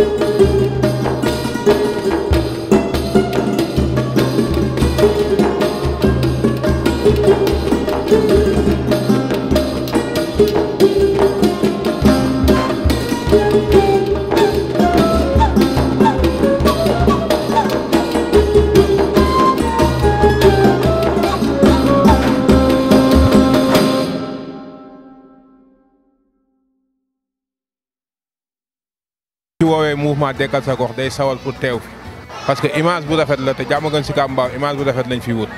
Thank you. mouvement Dekkal sa gox day sawal pour teew parce que image bu rafet la te jàmm gën si Kàmb Mbaaw image bu rafet fi wut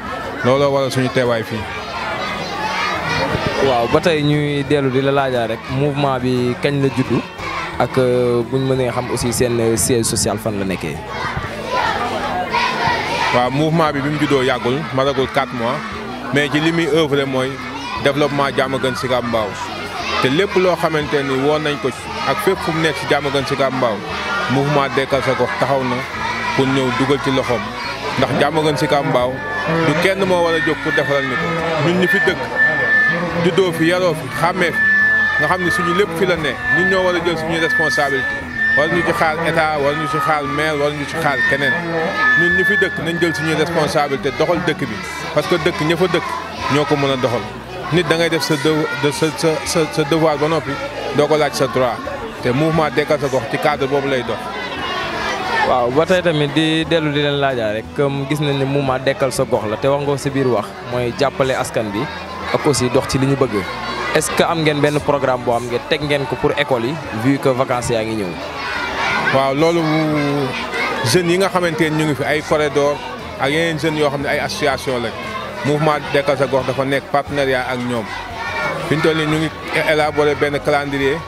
looloo waral suñu teewaay fii. waaw ba tey ñuy dellu di la laajaa rek mouvement bi kañ la juddu ak bu euh, buñ mënee xam aussi seen euh, siège social fan la nekkee. waaw mouvement bi bi mu juddoo yàggul maragul 4 mois mais ci li muy œuvre mooy développement jàmm gën si Kàmb Mbaaw te lépp loo xamante ni woon nañ ko ak fépp fu mu nekk ci jàmm gën si Kàmb Mbaaw mouvement Dekkal sa ko taxaw na pour ñëw dugal ci loxoom ndax Diamaguène Sicap Mbao du kenn moo war a jóg pour defaral ni ko ñun ñu fi dëkk juddoo fi yaroo fi xàmmee fi nga xam ne suñu lépp fi la ne ñun ñoo war a jël suñuy responsabilité war ñu ci xaar état war ñu ci xaar maire war ñu ci xaar keneen ñun ñi fi dëkk nañ jël suñuy responsabilité doxal dëkk bi parce que dëkk ña fa dëkk ñoo ko mën a doxal nit da ngay def sa sa sa sa devoir ba noppi doo ko laaj sa droit te mouvement Dekkal sa gox ci cadre boobu lay dox. waaw ba tey tamit di dellu di leen laajaa rek comme gis nañ ne mouvement Dekkal sa gox la te wax ngoo si biir wax mooy jàppale askan bi ak aussi dox ci li ñu bëgg est-ce que am ngeen benn programme boo xam ngeen teg ngeen ko pour école yi vu que vacances yaa ngi ñëw. waaw loolu jeunes yi nga xamante ne ñu ngi fi ay corridor ak yeneen jeunes yoo xam ne ay association lañ mouvement Dekkal sa gox dafa nekk partenariat ak ñoom fi ñu toll ñu ngi élaborer benn calendrier.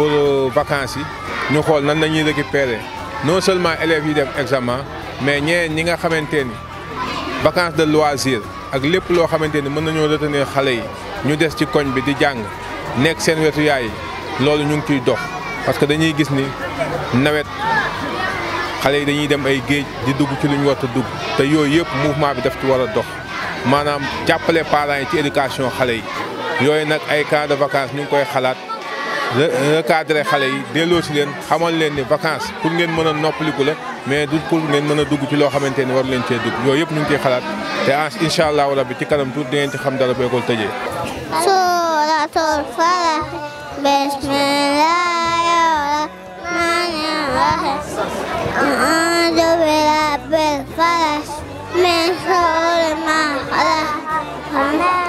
pour euh, vacances yi ñu xool nan lañuy ñuy récupérer non seulement élèves yi dem examen mais ñeen ñi nga xamante ni vacances de ak lépp loo xamante ni mën nañoo retenir xale yi ñu des ci koñ bi di jàng nekk seen wetu yaay loolu ñu ngi ciy dox parce que dañuy gis ni nawet xale yi dañuy dem ay géej di dugg ci lu ñu war dugg te yooyu yëpp mouvement bi daf ci war a dox maanaam jàppale parents yi ci éducation xale yi yooyu nag ay camp de ñu ngi koy xalaat. recadrer xale yi delloo si leen xamal leen ni vacances pour ngeen mën a noppaliku la mais du pour ngeen mën a dugg ci loo xamante ni war leen cee dugg yooyu yëpp ñu ngi ciy xalaat te en incha allahu rabbi ci kanam tuuti di ngeen ci xam dara ba école tëjee. suuratul falaq bismillahi rahmani rahim a'uudu bi rabbil falaq min sharri ma xalaq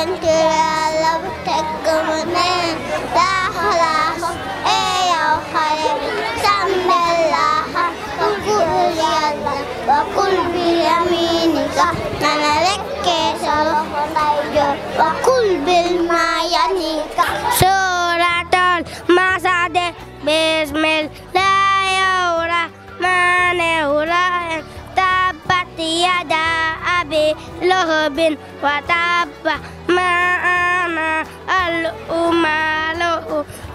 ka na nalengke sa lohon masade bismillah ura mane ura tapati ada watapa maa ma al-umalu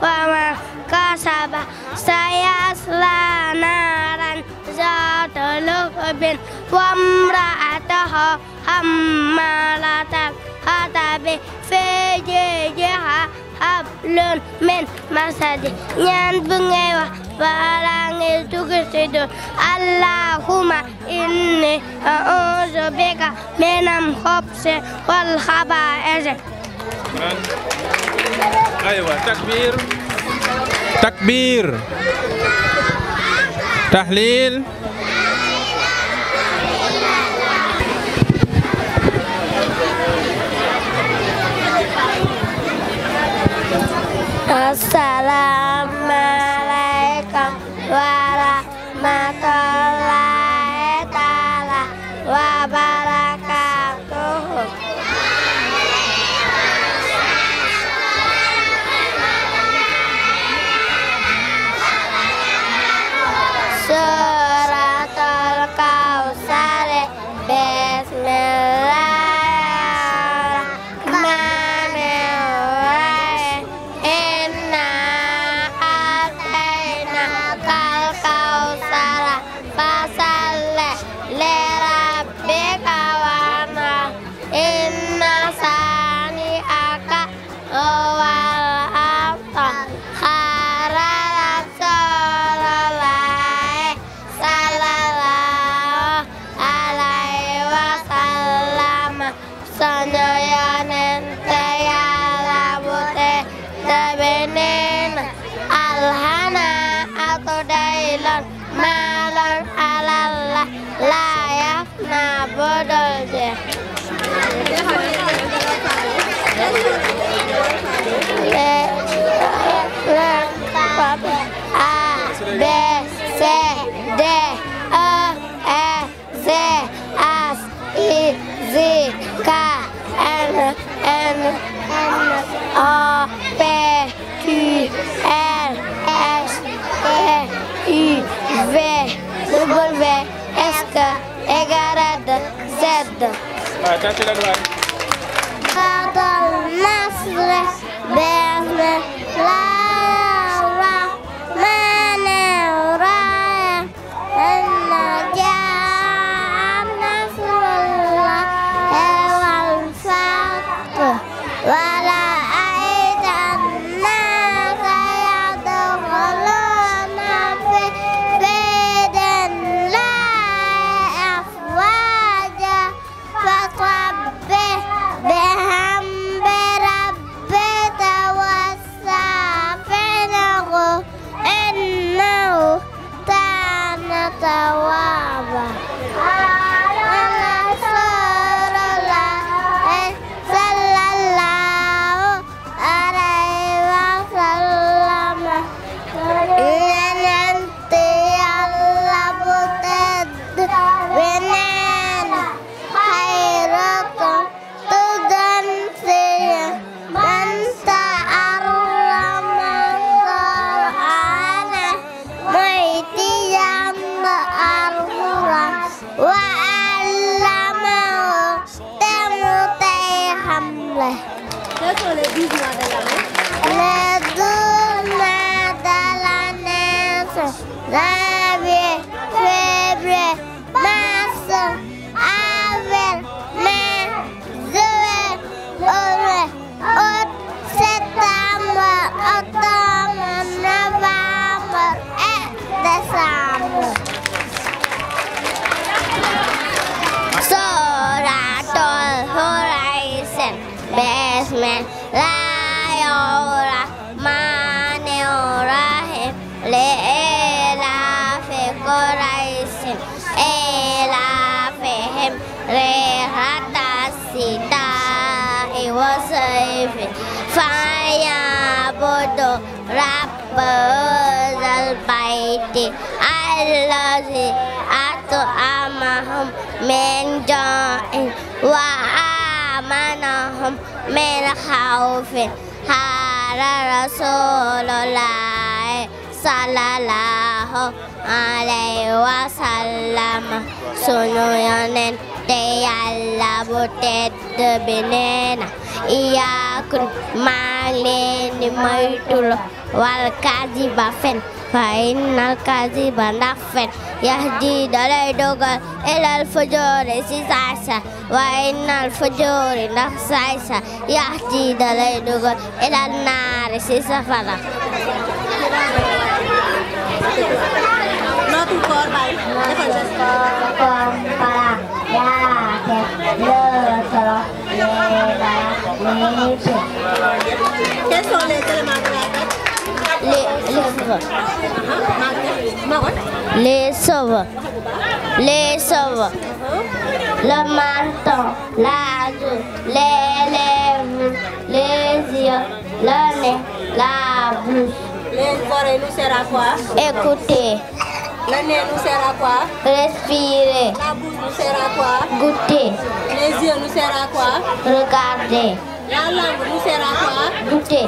wa ma kasaba selanaran selanaran zatulubin wa mra'ataha hammalatal hatabi fi jijiha hablun min masadi nyan bengewa barang itu kesitu Allahumma inni a'udzubika minam khobse wal khaba'ese Ayuh, kan? Ayo, takbir. Takbir. Tahlil. Assalamualaikum. Love. doble. Kako le Le do madalane se. বাল বাইতে আল্লাহি আতো আমাহম মেন জয় ওয়া আমানহম মেন খাউফে হারা রাসূলুল্লাহ sallallahu alayhi wa sunu yonent te Yàlla bu tedd bi neena iyaakun maa wal kaziba fen fa innal kaziba ndax fen yahdi dalay dogal ilal fujoori si saasa wa innal fujoori ndax saasa yahdi dalay dogal ilal naari si safara No tu corbai. Ne faceți? Compara. Ia, te lăsă. Ce sunt letele magnate? Le, lesovă. Magnate? Lesovă. Lesovă. Le menton, la joue, les lèvres, les yeux, le nez, la bouche. L'oreille nous sert à quoi Écouter. Le nez nous sert à quoi Respirer. La bouche nous sert à quoi Goûter. Les yeux nous sert à quoi Regarder. La langue nous sert à quoi Goûter.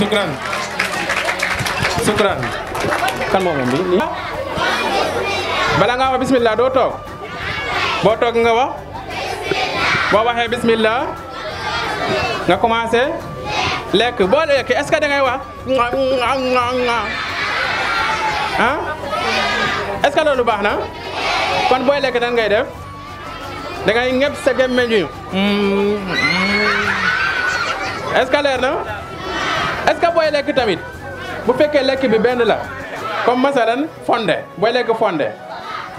sukran sukran kan moo moom bi bala nga wax bismillah doo toog boo toog nga wax boo waxee bismillah nga commencé lekk boo lekk est-ce que da ngay wax ah est-ce que loolu baax na kon booy lekk nan ngay def da ngay ñëpp sa gémmeñ wi hmm. est-ce que leer na koy lekk tamit bu fekkee lekk bi benn la comme masalan fonde booy lekk fonde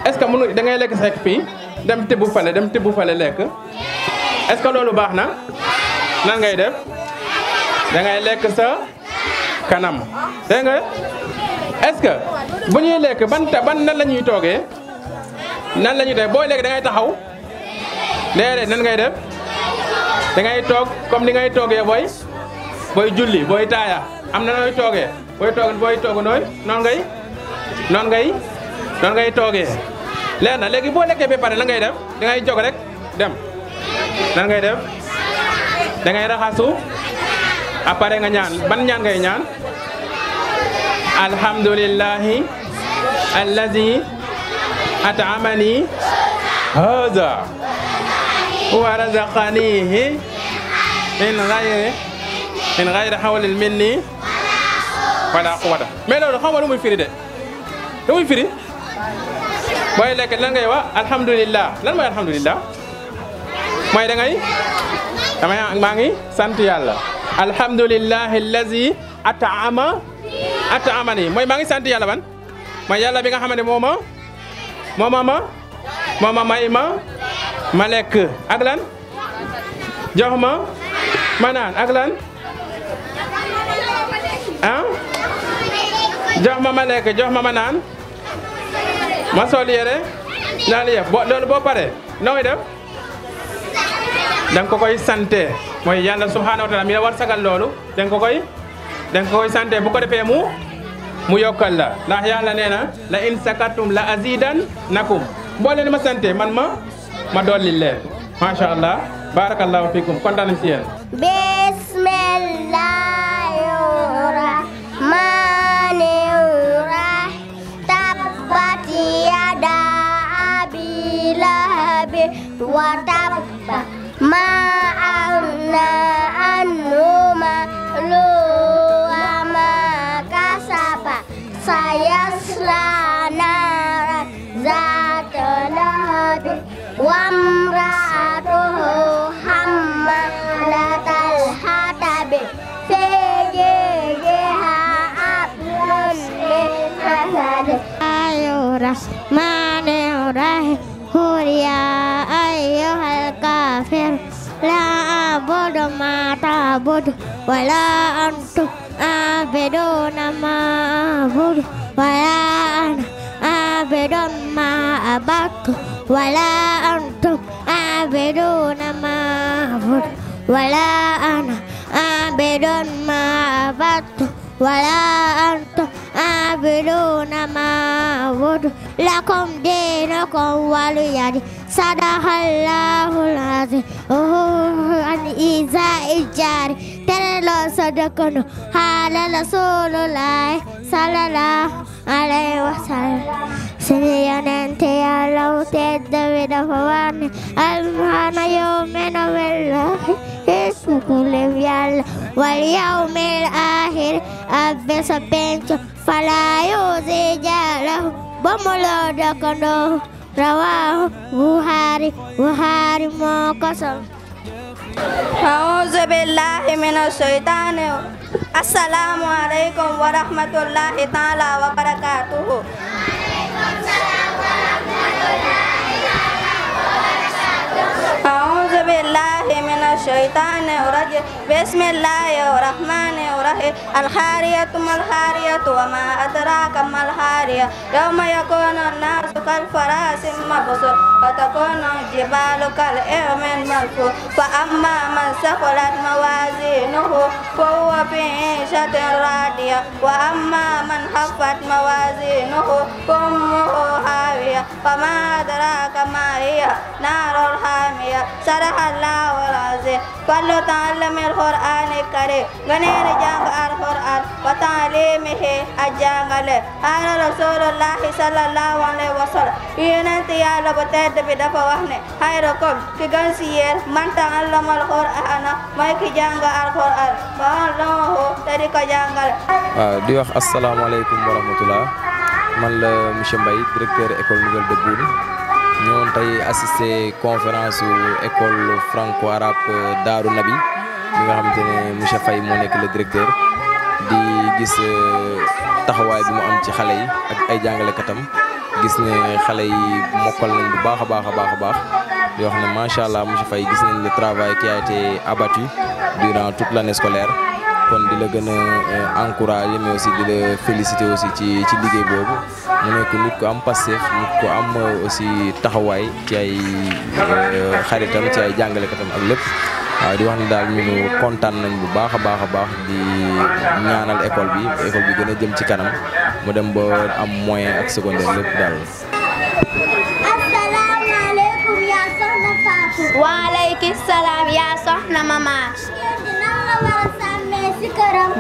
est ce que mënu da ngay lekk sa fii dem tibb fale dem tibb fale lekk est ce que loolu baax na nan ngay def da ngay lekk sa kanam dégg nga est bu ñuy lekk ban ban nan la ñuy toogee nan la ñuy def booy lekk da ngay taxaw déedéet nan ngay def dangay toog comme ni ngay toogee booy booy julli booy taaya. am na nooy toogee booy toog booy toog nooy noonu ngay noonu ngay noonu ngay toogee leer na léegi boo lekkee ba pare la ngay def da ngay jóg rek dem nan ngay def da ngay raxasu après nga ñaan ban ñaan ngay ñaan alhamdulillah allazi at'amani hada wa razaqanihi min ghayri min ghayri hawlin minni wala quwwata mais loolu xam nga lu muy firi de lu muy firi booy lekk lan ngay wax alhamdulilah lan mooy alhamdulilah mooy da ngay damay maa ngi sant yàlla alhamdulilahi allazi ataama ataamani mooy maa sant yàlla mooy yàlla bi nga xamante moo ma moo ma ma moo ma may ak lan jox ma ak lan ah jox ma ma lekk jox ma ma nan ma sol yere dal li bo boo bo pare noy dem dang ko koy sante moy yalla subhanahu wa taala mi la war sagal dang ko koy dang ko koy sante bu ko defé mu mu yokal la ndax yalla neena la in sakartum la azidan nakum bo len ma sante man ma ma le ma sha allah barakallahu fikum kon ci ma'ana أعبد ولا أنتم عابدون ما أعبد ولا أنا عابد ما أعبدت ولا أنتم عابدون ما أعبد ولا أنا عابد ما أعبدت ولا أنتم عابدون ما أعبد لكم دينكم ولي صدق الله العظيم عن إيذاء الجار ترى لو صدقنا قال رسول الله صلى الله عليه وسلم سمعنا أنت يا لو تدبر فوان المهان يؤمن بالله كل يال واليوم الآخر أبس بنت فلا يوزي جاره Bambaloo dëkkandoo rawaahu Buxaari Buxaari moo ko solo. A'uuzu billaahi mina shaytaani assalaamu aleykum wa rahmatullaahi ta'aalaa wa barakaatuhu. Wa aleykum salaam wa rahmatullaah. بالله من الشيطان الرجيم بسم الله الرحمن الرحيم الخارية ما الحارية وما أدراك ما الخارية يوم يكون الناس كالفراس المبثوث وتكون الجبال كالعظم المنفوث فأما من ثقلت موازينه فهو في عيشة راضية وأما من خفت موازينه فأمه هي وما أدراك ما هي نار حامية صدق الله العظيم كل تعلم القرآن الكريم غنير جانب القرآن وتعليمه أجانب قال رسول الله صلى الله عليه وسلم ينتهي على بتد بدفع وحنه خيركم كغنسير من تعلم القرآن ما كجانب القرآن فهو له طريق جانب di wax asalaamaaleykum wa rahmatullah man la monsieur Mbaye directeur école nouvelle de Boune ñëwoon tay assister conférence école franco-arabe euh, Daru Nabi ñi nga xamantene monsieur Faye mo nek le directeur di gis euh, taxaway bi mu am ci xalé yi ak ay katam gis ne xalé yi mokal nañ bu baax a baax a baax a baax yoo monsieur Faye gis nañ le travail qui a été abattu durant toute l'année scolaire kon dila gëna gën eh, encourager mais aussi dila féliciter aussi ci ci liguey bobu mu nek nit ko am passef nit ko am aussi taxaway ci ay eh, xaritam ci ay jangale katam ak lepp waaw di wax ni daal ñu kontan nañ bu baaxa baaxa baax di ñaanal école bi école bi gëna jëm ci kanam mu dem ba am moyen ak secondaire lepp daal Waalaikumsalam ya sohna mama.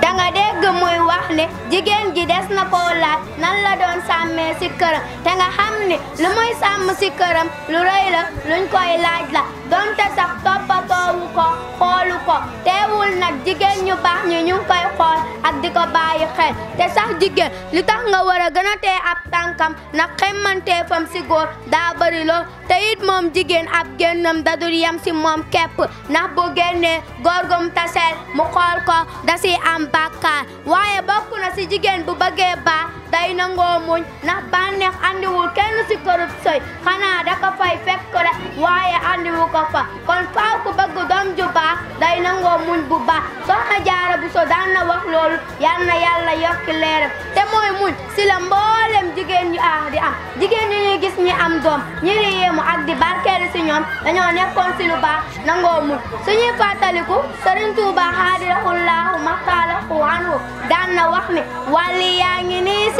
da nga dégg muy wax ne jigéen gi des na ko laaj nan la doon sàmmee si këram te nga xam ne lu muy sàmm si këram lu rëy la luñ koy laaj la donte sax toppatoowu ko xoolu ko teewul nag jigéen ñu baax ñi ñu koy xool ak di ko bàyyi xel te sax jigéen li tax nga war a gën ab tànkam nag xemmanteefam si góor daa bëri lool te moom jigéen ab génnam dadul yem si moom képp ndax bu génnee góor taseel mu xool ko da si am bàkkaar waaye bokk na si jigéen bu bëggee baax day nangoo muñ ndax bànneex andiwul kenn si kërub sëy xanaa da ko fay fekk ko la waaye andiwu ko fa kon faaw ku bëgg doom ju baax day nangoo muñ bu baax soxna jaara bu so daan na wax loolu yal na yàlla yokki te mooy muñ si la mboolem jigéen ñu ah di am jigéen ñi ñuy gis ñi am doom ñi di yéemu ak di barkeelu si ñoom dañoo nekkoon si lu baax nangoo muñ suñuy fàttaliku Sëriñ Tuubaa xaadirahullaahu maxtaalahu anhu daan na wax ne wàlli yaa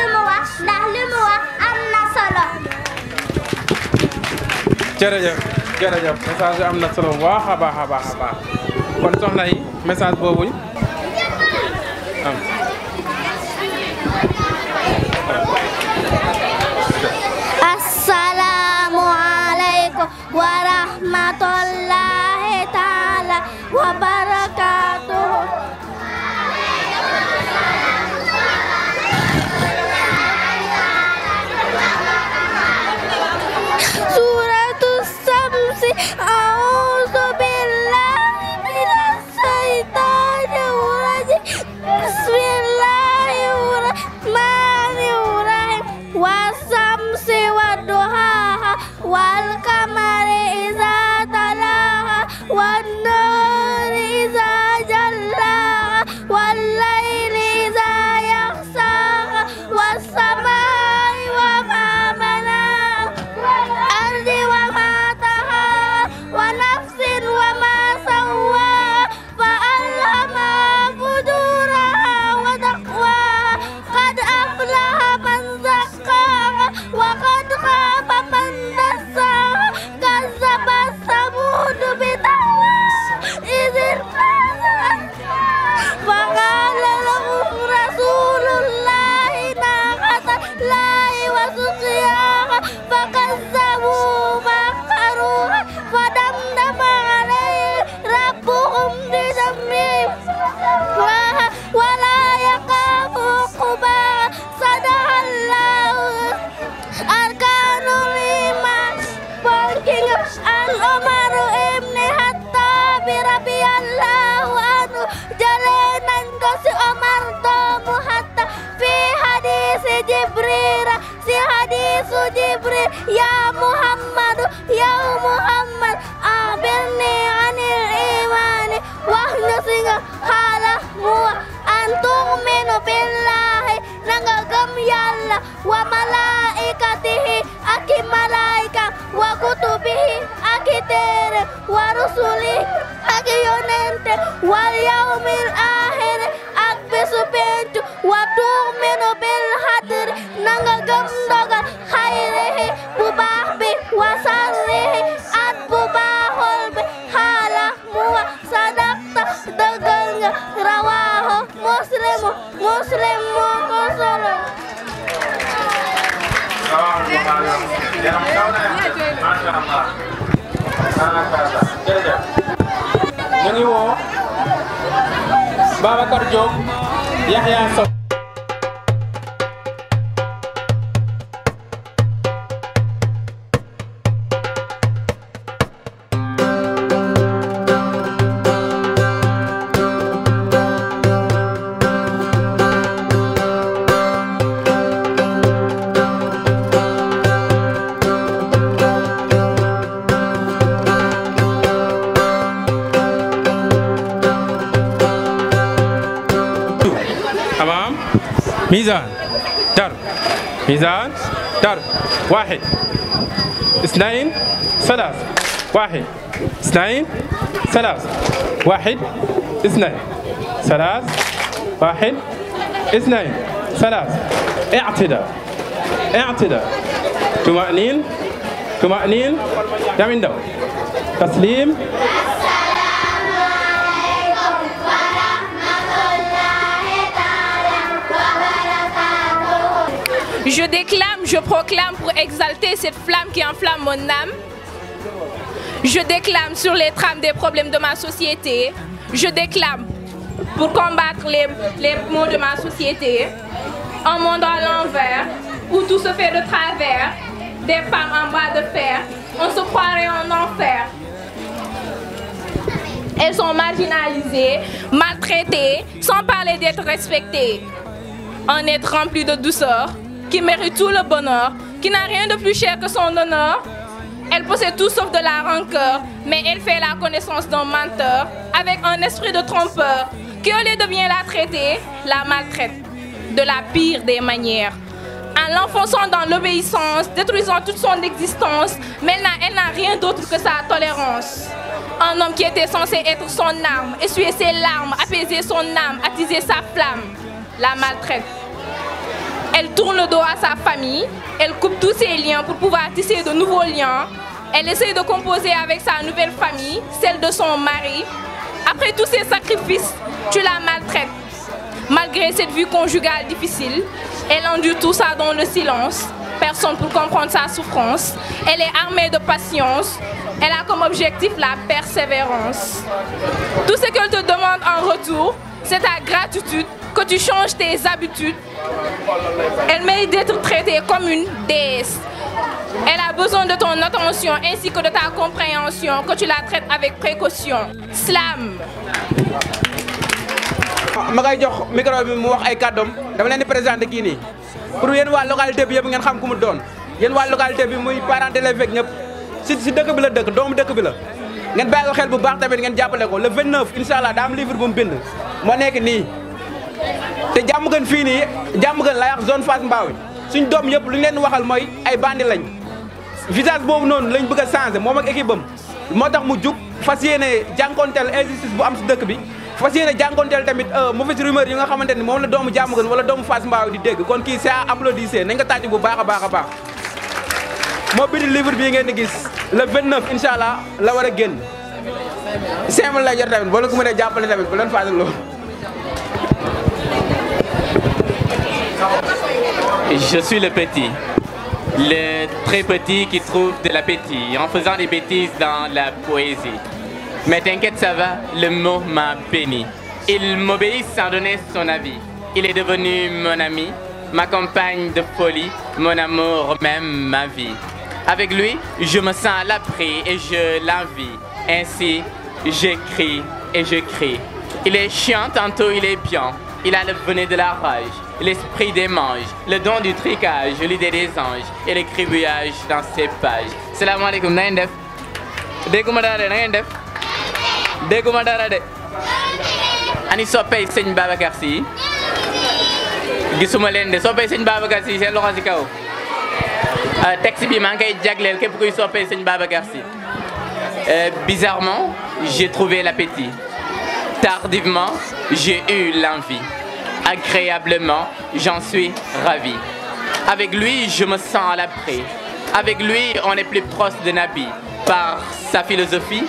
lu mu wax ndax lu mu wax am na solo. jërëjëf jërëjëf message bi am na solo waax a baax a baax a baax kon soxna yi message boobu am. Ah. assalaamu aleykum wa rahmatullaahi taala wa barakaatuh Bismillahirrahmanirrahim. Wasam siwa duha wal kamar. Jibril, Ya Muhammad, Ya Muhammad, Abilni anil imani, Wahyu singa halahmu, Antum minu billahi, Nanggagam yalla, Wa malaikatihi, Aki malaika, Wa kutubihi, Aki tere, bisu pencu wa hadir nanga gëm ndogal xayrihi at bu baaxul bi xaala mu wa sadaqta dëggal nga muslimu muslim 呀呀！ميزان درب ميزان درب واحد اثنين ثلاث واحد اثنين ثلاث واحد اثنين ثلاث واحد اثنين ثلاث اعتدال اعتدال طمأنين طمأنين دم تسليم Je déclame, je proclame pour exalter cette flamme qui enflamme mon âme. Je déclame sur les trames des problèmes de ma société. Je déclame pour combattre les, les maux de ma société. Un monde à l'envers, où tout se fait de travers, des femmes en bas de fer, on se croirait en enfer. Elles sont marginalisées, maltraitées, sans parler d'être respectées. En être rempli de douceur, qui mérite tout le bonheur, qui n'a rien de plus cher que son honneur. Elle possède tout sauf de la rancœur, mais elle fait la connaissance d'un menteur avec un esprit de trompeur Que au devient de la traiter, la maltraite de la pire des manières. En l'enfonçant dans l'obéissance, détruisant toute son existence, mais elle n'a rien d'autre que sa tolérance. Un homme qui était censé être son âme, essuyer ses larmes, apaiser son âme, attiser sa flamme, la maltraite elle tourne le dos à sa famille, elle coupe tous ses liens pour pouvoir tisser de nouveaux liens. Elle essaie de composer avec sa nouvelle famille, celle de son mari. Après tous ces sacrifices, tu la maltraites. Malgré cette vie conjugale difficile, elle endure tout ça dans le silence. Personne pour comprendre sa souffrance. Elle est armée de patience. Elle a comme objectif la persévérance. Tout ce qu'elle te demande en retour, c'est ta gratitude que tu changes tes habitudes. Elle mérite d'être traitée comme une déesse. Elle a besoin de ton attention ainsi que de ta compréhension, que tu la traites avec précaution. Slam. Ah, ma ngay jox micro pour mu wax ay Je dama leen présenter kii nii pour yéen waa localité bi yëpp ngeen xam ku mu doon yéen waa localité bi muy parent d'élève ak si si dëkk bi la dëkk doomu dëkk bi la. ngeen bàyyi ko xel bu baax tamit ngeen jàppale ko le 29 incha allah daa livre bu mu te jàmm gën fii nii jàmm gën laay wax zone Fass Mbao suñ doom yëpp lu ñu leen waxal mooy ay bandi lañ visage boobu noonu lañ bëgg a changé moom ak équipe am moo tax mu jug fas yéene jànkonteel injustice bu am si dëkk bi fas yéene jànkonteel tamit euh, mauvaise rumeur yi nga xamante ni moom la doomu jàmm gën wala doomu Fass Mbao di dégg kon kii ça applaudissé nañ ko tàcc bu baax a baax baax moo bind livre bii ngeen di gis la 29 incha allah la war a génn 5000 lay jot tamit boo la ko mënee jàppale tamit bu leen fàttaloo Je suis le petit. Le très petit qui trouve de l'appétit en faisant des bêtises dans la poésie. Mais t'inquiète, ça va, le mot m'a béni. Il m'obéit sans donner son avis. Il est devenu mon ami, ma compagne de folie, mon amour, même ma vie. Avec lui, je me sens à l'abri et je l'envie. Ainsi, j'écris et je crie. Il est chiant, tantôt il est bien. Il a le bonnet de la rage l'esprit des manges, le don du tricage, l'idée des anges et le cribouillage dans ses pages. Salam alaikum, na ngeen def dégguma dara de na ngeen def dégguma dara de ani soppey sëñ Babacar Sy gisuma leen de soppey sëñ Babacar Sy seen loxo si kaw euh, texte bi maa ngi koy képp kuy soppey sëñ Babacar Sy euh, bizarrement j'ai trouvé l'appétit tardivement j'ai eu l'envie agréablement. J'en suis ravi. Avec lui, je me sens à l'abri. Avec lui, on est plus proche de Nabi par sa philosophie,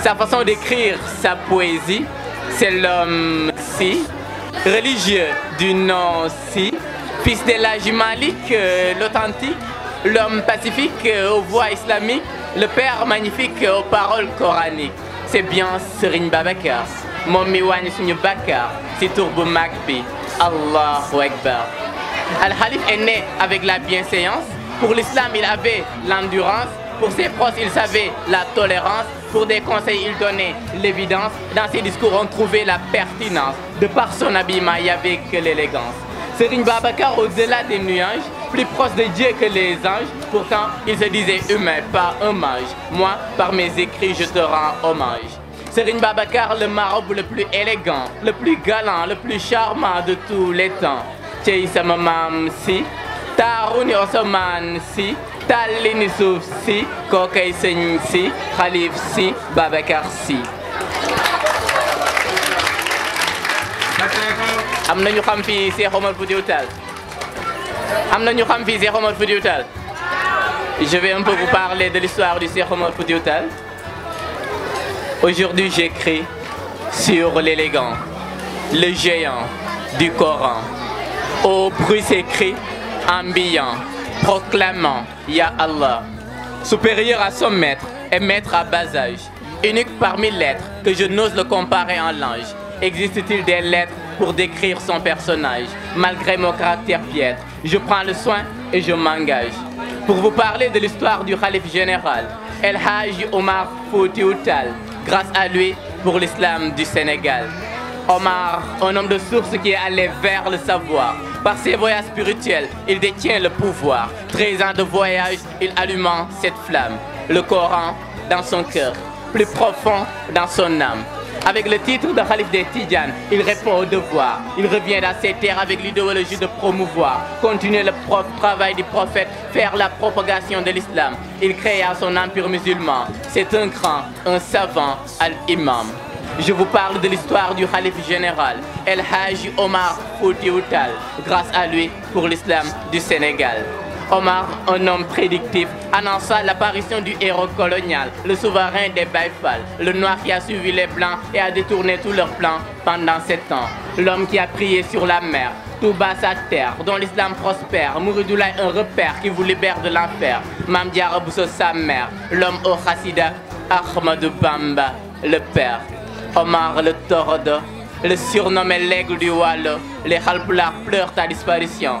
sa façon d'écrire, sa poésie. C'est lhomme si religieux du nom si fils de la jumalique, l'authentique, l'homme pacifique aux voix islamiques, le père magnifique aux paroles coraniques. C'est bien Serine Babakar. Mon bakar al halif est né avec la bienséance pour l'islam il avait l'endurance pour ses proches il savait la tolérance pour des conseils il donnait l'évidence dans ses discours on trouvait la pertinence de par son habillement il n'y avait que l'élégance baba Babacar au-delà des nuages plus proche de Dieu que les anges pourtant il se disait humain pas hommage moi par mes écrits je te rends hommage Serine Babacar, le marabout le plus élégant, le plus galant, le plus charmant de tous les temps. Mamam si, Taruni Osoman si, Talini Souf si, Kokei si, Khalif si, Babacar si. am na ñu xam fi Cheikh Omar Foutiyou Tall Amna ñu xam fi Cheikh Omar je vais un peu vous parler de l'histoire du Cheikh Omar Foutiyou Aujourd'hui, j'écris sur l'élégant, le géant du Coran. Au bruit s'écrit, ambiant, proclamant Ya Allah, supérieur à son maître et maître à bas âge, unique parmi lettres que je n'ose le comparer en l'ange. Existe-t-il des lettres pour décrire son personnage Malgré mon caractère piètre, je prends le soin et je m'engage. Pour vous parler de l'histoire du Khalif général, El Hajj Omar Foutioutal, grâce à lui pour l'islam du Sénégal. Omar, un homme de source qui est allé vers le savoir. Par ses voyages spirituels, il détient le pouvoir. 13 ans de voyage, il allumant cette flamme. Le Coran dans son cœur, plus profond dans son âme. Avec le titre de Khalif des Tidjan, il répond au devoir. Il revient dans ses terres avec l'idéologie de promouvoir, continuer le travail du prophète, faire la propagation de l'islam. Il créa son empire musulman. C'est un grand, un savant, al-imam. Je vous parle de l'histoire du Khalif général El Haji Omar Foutioutal, grâce à lui pour l'islam du Sénégal. Omar, un homme prédictif, annonça l'apparition du héros colonial, le souverain des Baïfal, le noir qui a suivi les blancs et a détourné tous leurs plans pendant sept ans. L'homme qui a prié sur la mer, tout bas sa terre, dont l'islam prospère, est un repère qui vous libère de l'enfer, Mamdi Rabousso sa mère, l'homme au Hasida, Ahmed Bamba, le père, Omar le Tordo, le surnommé l'aigle du Wallo, les Halpulars pleurent ta disparition.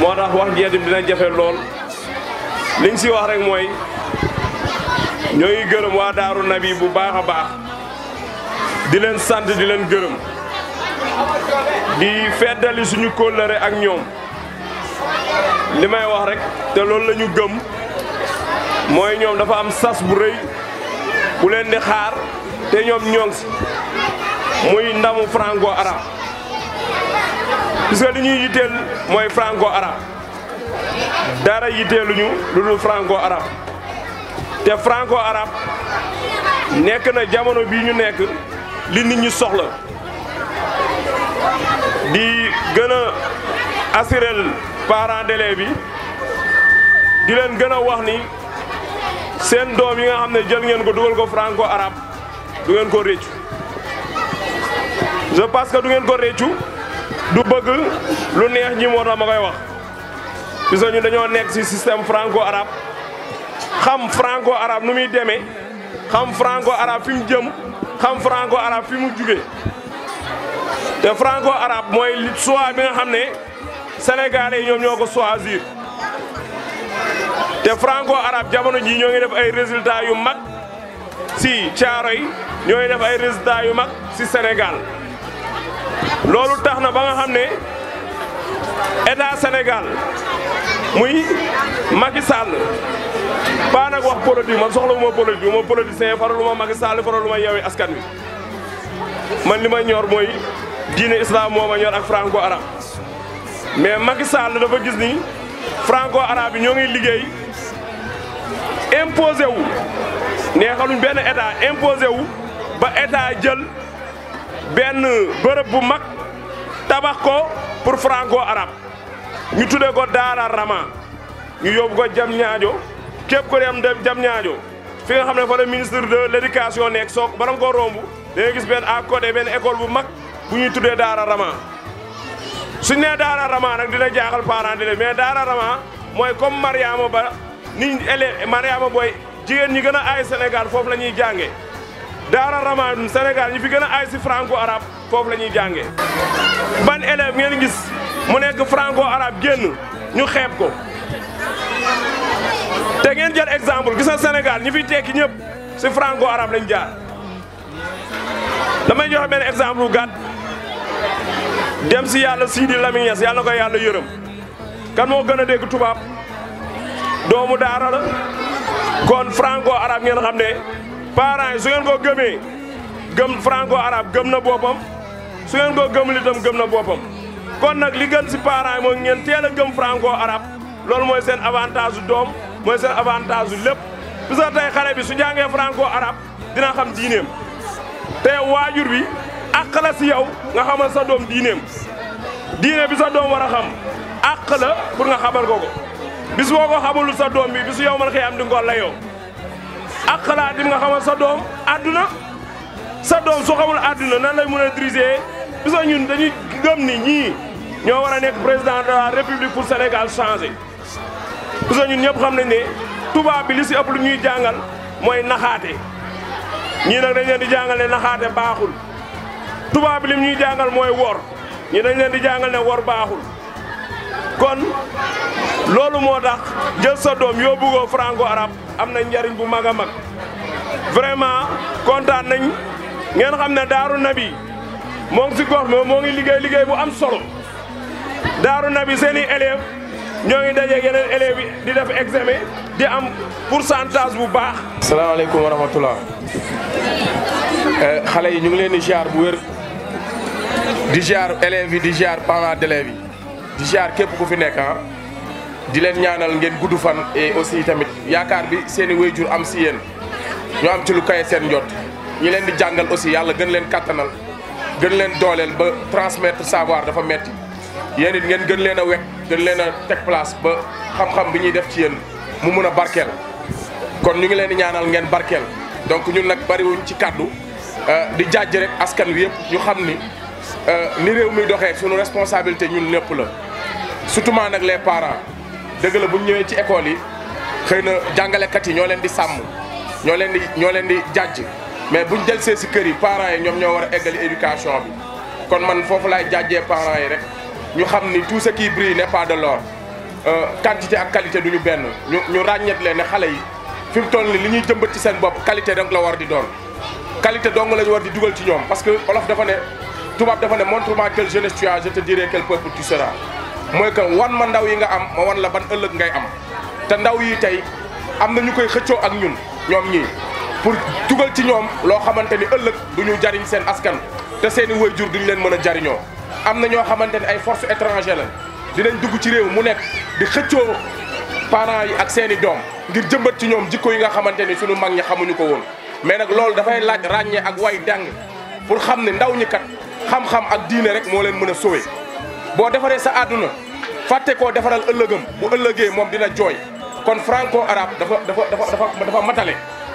moo tax wax ji dina jafe lool liñ si wax rek mooy ñoo ngi gërëm waa Daaru Nabi bu baax a baax di leen sant di leen gërëm di feddali suñu kóllëre ak ñoom li may wax rek te loolu la ñu gëm mooy ñoom dafa am sas bu rëy bu leen di xaar te ñoom ñoo si muy ndamu franco arabe gis nga li ñuy yitteel mooy franco arabe dara yitteeluñu lu dul franco arabe te franco arabe nekk na jamono bii ñu nekk li nit ñu soxla di gën a assurer parents bi di leen gën a wax ni seen doom yi nga xam ne jël ngeen ko dugal ko franco arabe du ngeen ko réccu je pense que du ngeen ko réccu du bëgg lu neex ñi moo tax ma koy wax gis nga ñun dañoo nekk ci système franco arabe xam franco arabe nu muy demee xam franco arabe fi mu jëm xam franco arabe fi mu jugee te franco arabe mooy li choix bi nga xam ne sénégalais yi ñoom ñoo ko choisir te franco arabe jamono ji ñoo ngi def ay résultats yu mag ci Thiaroye ñoo ngi def ay résultats yu mag si Sénégal. loolu tax na ba nga xam ne état senegal muy Macky Sall ba nag wax politique man soxla wu ma politique ma politicien faralu ma Macky Sall faralu Askan Wi man li ma ñor mooy diine islam moo ma ak franco arabe mais Macky Sall dafa gis ni franco arabe yi ñoo ngi liggéey imposé wu neexaluñ benn état imposé wu ba état jël. benn bërëb bu mag tabax ko pour franco arabe ñu tuddee ko Daara Rama ñu yóbbu ko jam ñaajo képp ko dem jam ñaajo fi nga xam ne fa la ministre de l' nekk soo bara ko romb da ngay gis benn à côté benn école bu mag bu ñu tuddee Daara Rama suñ nee Daara Rama nag dina jaaxal parents dina mais Daara Rama mooy comme Mariama ba ni élève Mariama jigéen ñi gën a aay Sénégal foofu la ñuy jàngee daara Ramatoune Sénégal ñu fi gën a aay si franco arabe foofu la ñuy ban élève ngeen gis mu nekk franco arabe génn ñu xeeb ko te ngeen jël exemple gis na Sénégal ñi fi tekki ñépp si franco arabe lañ jaar jox joxe benn exemple bu gàtt dem si yàlla Sidi Lamine Niass yàlla na ko yàlla yërëm kan moo gën a dégg tubaab doomu daara kon franco arabe ngeen xam ne parents yi su ngeen ko gëmee gëm franco arab gëm na boopam su ngeen ko gëmul itam gëm na boppam kon nag li gën si parents moo ngeen teel a gëm franco arab loolu mooy seen avantage doom mooy seen avantage lépp parce que tey bi su jàngee franco arab dina xam diineem te waajur bi àq la si yow nga xamal sa doom diineem diine bi sa doom war a xam àq la pour nga xamal ko ko bis boo ko xamalul sa doom bi bisu yow man xëy am di nga ko layoo ak xalaat yi nga xamal sa doom àdduna sa doom su xamul àdduna nan lay mën a diriger bisa ñun dañuy gëm ni ñii ñoo war a nekk président de la république pour Sénégal changé bisa ñun ñëpp xam nañ ne tubaab bi li si ëpp lu ñuy jàngal mooy naxaate ñii nag dañ leen di jàngal ne naxaate baaxul tubaab bi lim ñuy jàngal mooy wor ñii dañ leen di jàngal ne wor baaxul kon loolu motax jeul sa dom yoo franco arab am na njariñ bu maga mag vraiment kontaan nañ ngeen xamne daru Nabi mo ngi si gox mo ngi liggey liggey bu am solo daru Nabi seni i élèves ñoo ngi dajeeg yeneen élèves di def examen di am pourcentage bu baax. alaykum wa rahmatullah eh, xalé yi ñu ngi leen di ziar bu wër di ziar élèves di ziar parents d'élèves di képp ku fi nekk ah di leen ñaanal ngeen gudd fan et aussi tamit yaakaar bi seeni i wéyjur am si yéen ñoo am ci lu kaye seen njot ñi leen di jàngal aussi yàlla gën leen kattanal gën leen dooleel ba transmettre savoir dafa metti yéen it ngeen gën leen a wekk gën leen a teg place ba xam-xam bi ñuy def ci yéen mu mun a barkeel kon ñu ngi leen di ñaanal ngeen barkeel donc ñun nag bariwuñ ci kàddu euh, di jàjj rek askan wi yëpp ñu xam ni euh, ni réew mi doxee sunu responsabilité ñun ñëpp la surtout les parents ci école yi xëy na des leen di des mais si kër yi parents yi ñoom ñoo a éducation bi kon man des parents tout ce qui brille n'est pas de l'or euh, quantité ak qualité du sont pas ñu ñu Nous qualité la di qualité de lañu war parce que tout dafa tout montre-moi quelle jeunesse tu as je te dirai quel peuple tu seras mooy que wan ma ndaw yi nga am ma wan la ban ëllëg ngay am te ndaw yi tey am na ñu koy xëccoo ak ñun ñoom ñii pour dugal ci ñoom loo xamante ni ëllëg du ñu jariñ seen askan te seen i duñu leen mën a jariñoo am na ñoo xamante ne ay force étrangère lañ dinañ dugg ci réew mu nekk di xëccoo parents ak seeni doom ngir jëmbat ci ñoom jikko yi nga xamante ni suñu mag ñi xamuñu ko woon mais nag loolu dafay laaj ràññee ak way dàng pour xam ne ndaw ñi kat xam ak diine rek moo leen mën a sowee boo defaree sa àdduna fàtte koo defaral ëllëgam bu ëllëgee moom dina jooy kon franco araab dafa dafa dafa dafa matale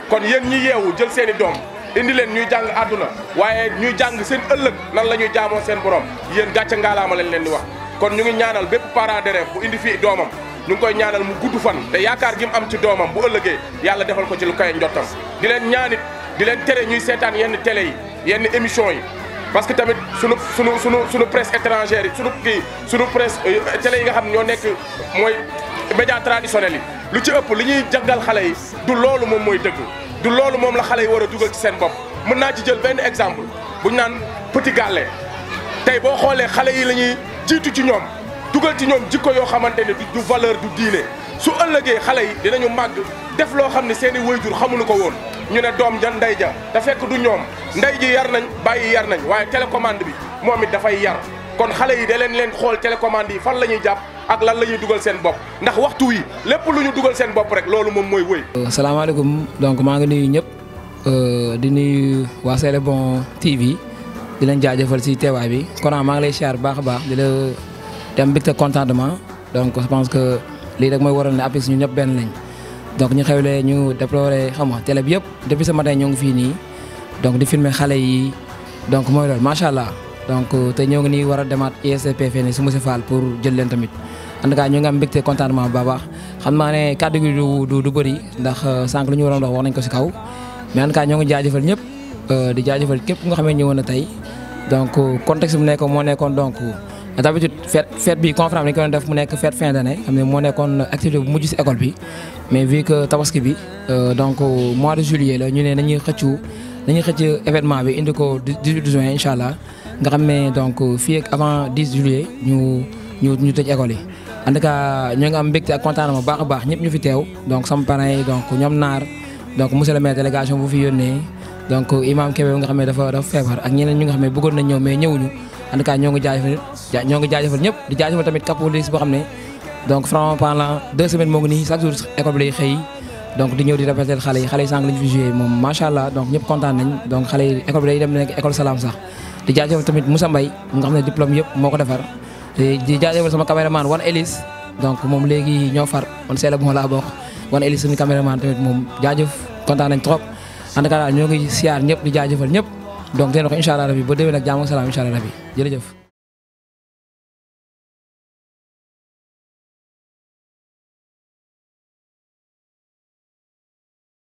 kon yéen ñi yeewu jël seen i doom indi leen ñuy jàng àdduna waaye ñuy jàng seen ëllëg nan la ñuy jaamoo seen borom yéen gàcce ngaalaama lañ leen di wax kon ñu ngi ñaanal bépp parent d'élève bu indi fi doomam ñu ngi koy ñaanal mu gudd fan te yaakaar gi am ci doomam bu ëllëgee yàlla defal ko ci lu kawe njottam di leen ñaanit di leen tere ñuy seetaan yenn télé yi yenn émission yi parce que tamit suñu suñu suñu suñu presse étrangère suñu sunu suñu presse euh, télé yi nga xam ñoo nekk mooy média traditionnels yi lu ci ëpp li ñuy jàngal xale yi du loolu moom mooy dëgg du loolu moom la xale yi war a dugal ci seen bopp mën naa ci jël benn exemple bu ñu naan Petit Gallé tey boo xoolee xale yi la ñuy jiitu ci ñoom dugal ci ñoom jikko yoo xamante ne du valeur du diine su ëllëgee xale yi dinañu màgg def loo xam ne seen i wayjur xamuñu ko woon ñu né dom ja nday ja da fekk du ñom nday ji yar nañ bayyi yar nañ waye télécommande bi momit da fay yar kon xalé yi da len leen xool télécommande yi fan lañuy japp ak lan lañuy duggal dugal seen bopp ndax waxtu wi lepp luñu duggal seen rek mom moom woy assalamu euh, alaykum donc ma ngi nuyu euh di nuyu wa Bon TV di leen jaajeufal ci téwa bi kon ma ngi lay siyaar bax bax di la dem mbégte contentement donc je pense que li rek moy waral ne ñu ñep ben lañ. donc ñu xewlé ñu déploré xam nga télé bi yëpp depuis ce matin ñoo ngi fii nii donc di filmer xale yi donc mooy loolu macha allah donc euh, te ñoo ngi nii war a demaat ISCP fii nii su Moussa pour jël leen tamit en tout cas ñu ngi am mbégte contentement bu baax xam naa ne kàddu gi du du bëri ndax euh, sànq lu ñu waroon wax wax nañ ko si kaw mais en tout cas ñoo ngi jaajëfal ñëpp euh, di jaajëfal képp nga xam ne ñëwoon na tey donc contexte bu nekkoon moo nekkoon donc d'habitude fête fête bi conférence dañ ko doon def mu nekk fête fin d'année xam ne moo nekkoon activité bu mujj si école bi mais vu que tabaski bi euh, donc euh, mois de juillet la ñu ne nañuy xëccu nañuy xëcc événement bi indi ko 18 juin incha allah nga xam ne donc euh, fii ak avant 10 juillet ñu ñu ñu tëj école yi. en tout cas ñoo ngi am mbégte ak kontaan bu baax a baax ñëpp ñu fi teew donc sama parents yi donc ñoom naar donc monsieur le maire délégation bu fi yónnee donc imam Kébé nga xam ne dafa dafa feebar ak ñeneen ñi nga xam ne bëggoon nañ ñëw mais ñëwuñu. en tout ñoo ngi jaajëfal ñoo ngi jaajëfal ñëpp di jaajëfal tamit capolis boo xam ne donc franchement parlant deux semaines moo ngi nii chaque jour école bi lay xëy donc di ñëw di répéter xale yi xale yi sànq lañu fi joué moom macha allah donc ñëpp kontaan nañ donc xale yi école bi day dem nekk école salaam sax di jaajëfal tamit Moussa Mbaye nga xam ne diplôme yëpp moo ko defar di jaajëfal sama caméraman Wan Ellis donc moom léegi ñoo far on seela bu ma laa bokk Wan Ellis suñu caméraman tamit moom jaajëf kontaan nañ trop en tout ñoo ngi ñëpp di jaajëfal ñëpp donc dinañ ko incha allah rabi ba déwén ak jàmm salaam incha allah rabi jërëjëf